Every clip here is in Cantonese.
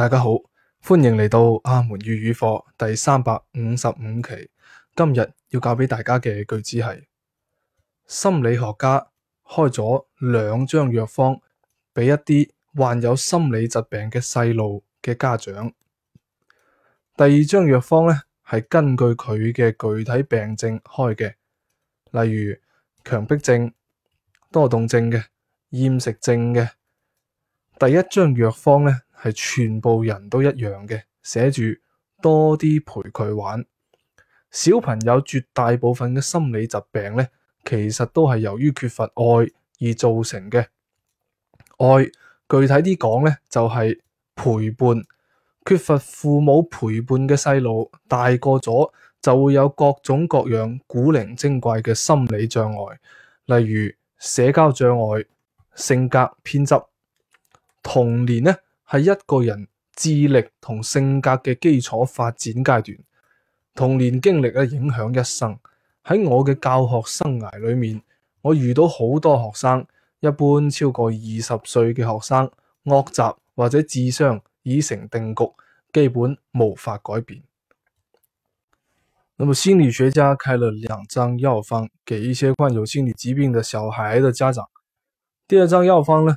大家好，歡迎嚟到阿門粵語課第三百五十五期。今日要教俾大家嘅句子係：心理學家開咗兩張藥方俾一啲患有心理疾病嘅細路嘅家長。第二張藥方呢，係根據佢嘅具體病症開嘅，例如強迫症、多動症嘅、厭食症嘅。第一張藥方咧，係全部人都一樣嘅，寫住多啲陪佢玩。小朋友絕大部分嘅心理疾病咧，其實都係由於缺乏愛而造成嘅。愛具體啲講咧，就係陪伴。缺乏父母陪伴嘅細路，大個咗就會有各種各樣古靈精怪嘅心理障礙，例如社交障礙、性格偏執。童年呢，係一個人智力同性格嘅基礎發展階段，童年經歷咧，影響一生。喺我嘅教學生涯裏面，我遇到好多學生，一般超過二十歲嘅學生，惡習或者智商已成定局，基本無法改變。咁啊，心理學家開了兩張藥方，給一些患有心理疾病嘅小孩嘅家長。第二張藥方呢？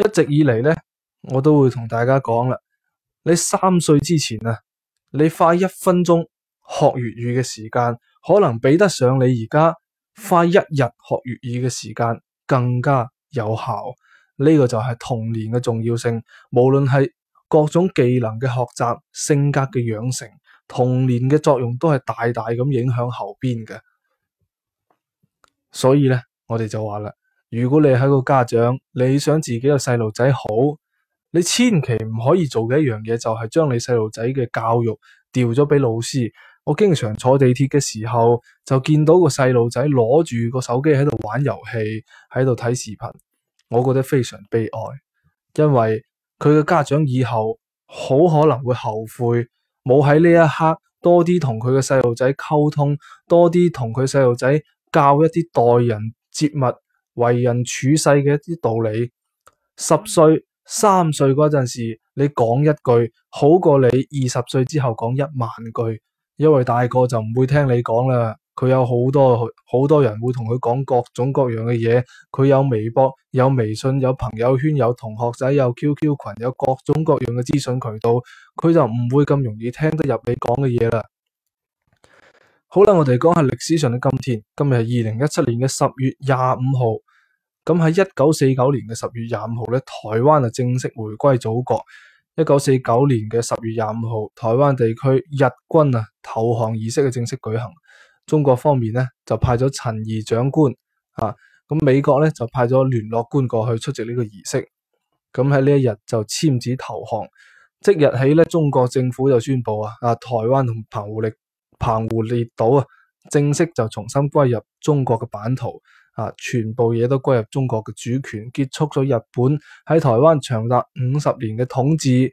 一直以嚟呢，我都會同大家講啦。你三歲之前啊，你花一分鐘學粵語嘅時間，可能比得上你而家花一日學粵語嘅時間更加有效。呢個就係童年嘅重要性，無論係各種技能嘅學習、性格嘅養成，童年嘅作用都係大大咁影響後邊嘅。所以呢，我哋就話啦。如果你係個家長，你想自己個細路仔好，你千祈唔可以做嘅一樣嘢，就係將你細路仔嘅教育調咗俾老師。我經常坐地鐵嘅時候就見到個細路仔攞住個手機喺度玩遊戲，喺度睇視頻，我覺得非常悲哀，因為佢嘅家長以後好可能會後悔，冇喺呢一刻多啲同佢嘅細路仔溝通，多啲同佢細路仔教一啲待人接物。為人處世嘅一啲道理，十歲、三歲嗰陣時，你講一句，好過你二十歲之後講一萬句，因為大個就唔會聽你講啦。佢有好多，好多人會同佢講各種各樣嘅嘢，佢有微博、有微信、有朋友圈、有同學仔、有 QQ 群、有各種各樣嘅資訊渠道，佢就唔會咁容易聽得入你講嘅嘢啦。好啦，我哋講下歷史上嘅今天，今日係二零一七年嘅十月廿五號。咁喺一九四九年嘅十月廿五號咧，台灣啊正式回歸祖國。一九四九年嘅十月廿五號，台灣地區日軍啊投降儀式嘅正式舉行。中國方面呢，就派咗陳儀長官啊，咁美國咧就派咗聯絡官過去出席呢個儀式。咁喺呢一日就簽字投降。即日起咧，中國政府就宣布啊啊台灣同澎湖列。澎湖列島啊，正式就重新歸入中國嘅版圖啊，全部嘢都歸入中國嘅主權，結束咗日本喺台灣長達五十年嘅統治。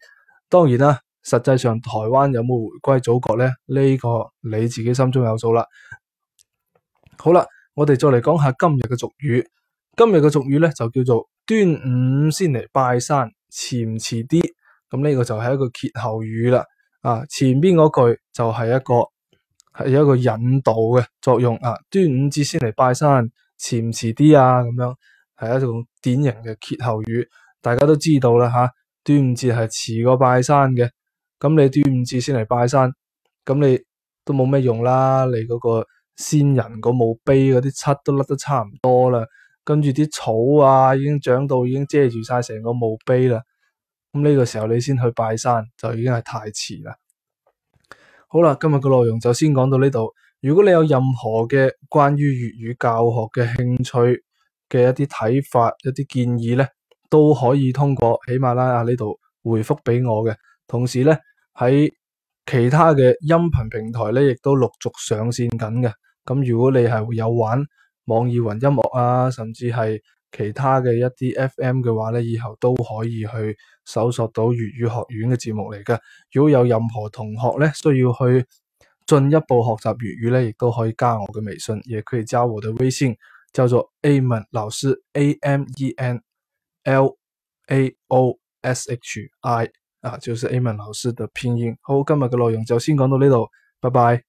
當然啦、啊，實際上台灣有冇回歸祖國呢？呢、呢個你自己心中有數啦。好啦，我哋再嚟講下今日嘅俗語。今日嘅俗語咧就叫做端午先嚟拜山，遲唔遲啲？咁、嗯、呢、呢個就係一個歇後語啦。啊，前邊嗰句就係一個。係有一個引導嘅作用啊！端午節先嚟拜山，遲唔遲啲啊？咁樣係一種典型嘅歇後語，大家都知道啦吓，啊。端午節係遲過拜山嘅，咁你端午節先嚟拜山，咁你都冇咩用啦。你嗰個先人個墓碑嗰啲漆都甩得差唔多啦，跟住啲草啊，已經長到已經遮住晒成個墓碑啦。咁呢個時候你先去拜山，就已經係太遲啦。好啦，今日個內容就先講到呢度。如果你有任何嘅關於粵語教學嘅興趣嘅一啲睇法、一啲建議呢，都可以通過喜馬拉雅呢度回覆俾我嘅。同時呢，喺其他嘅音頻平台呢，亦都陸續上線緊嘅。咁如果你係有玩網易雲音樂啊，甚至係。其他嘅一啲 FM 嘅話咧，以後都可以去搜索到粵語學院嘅節目嚟㗎。如果有任何同學咧，需要去進一步學習粵語咧，亦都可以加我嘅微信，亦可以加我嘅微信，叫做 Amen 老師 Amen Laoshi 啊，就是 Amen 老師的拼音。好，今日嘅內容就先講到呢度，拜拜。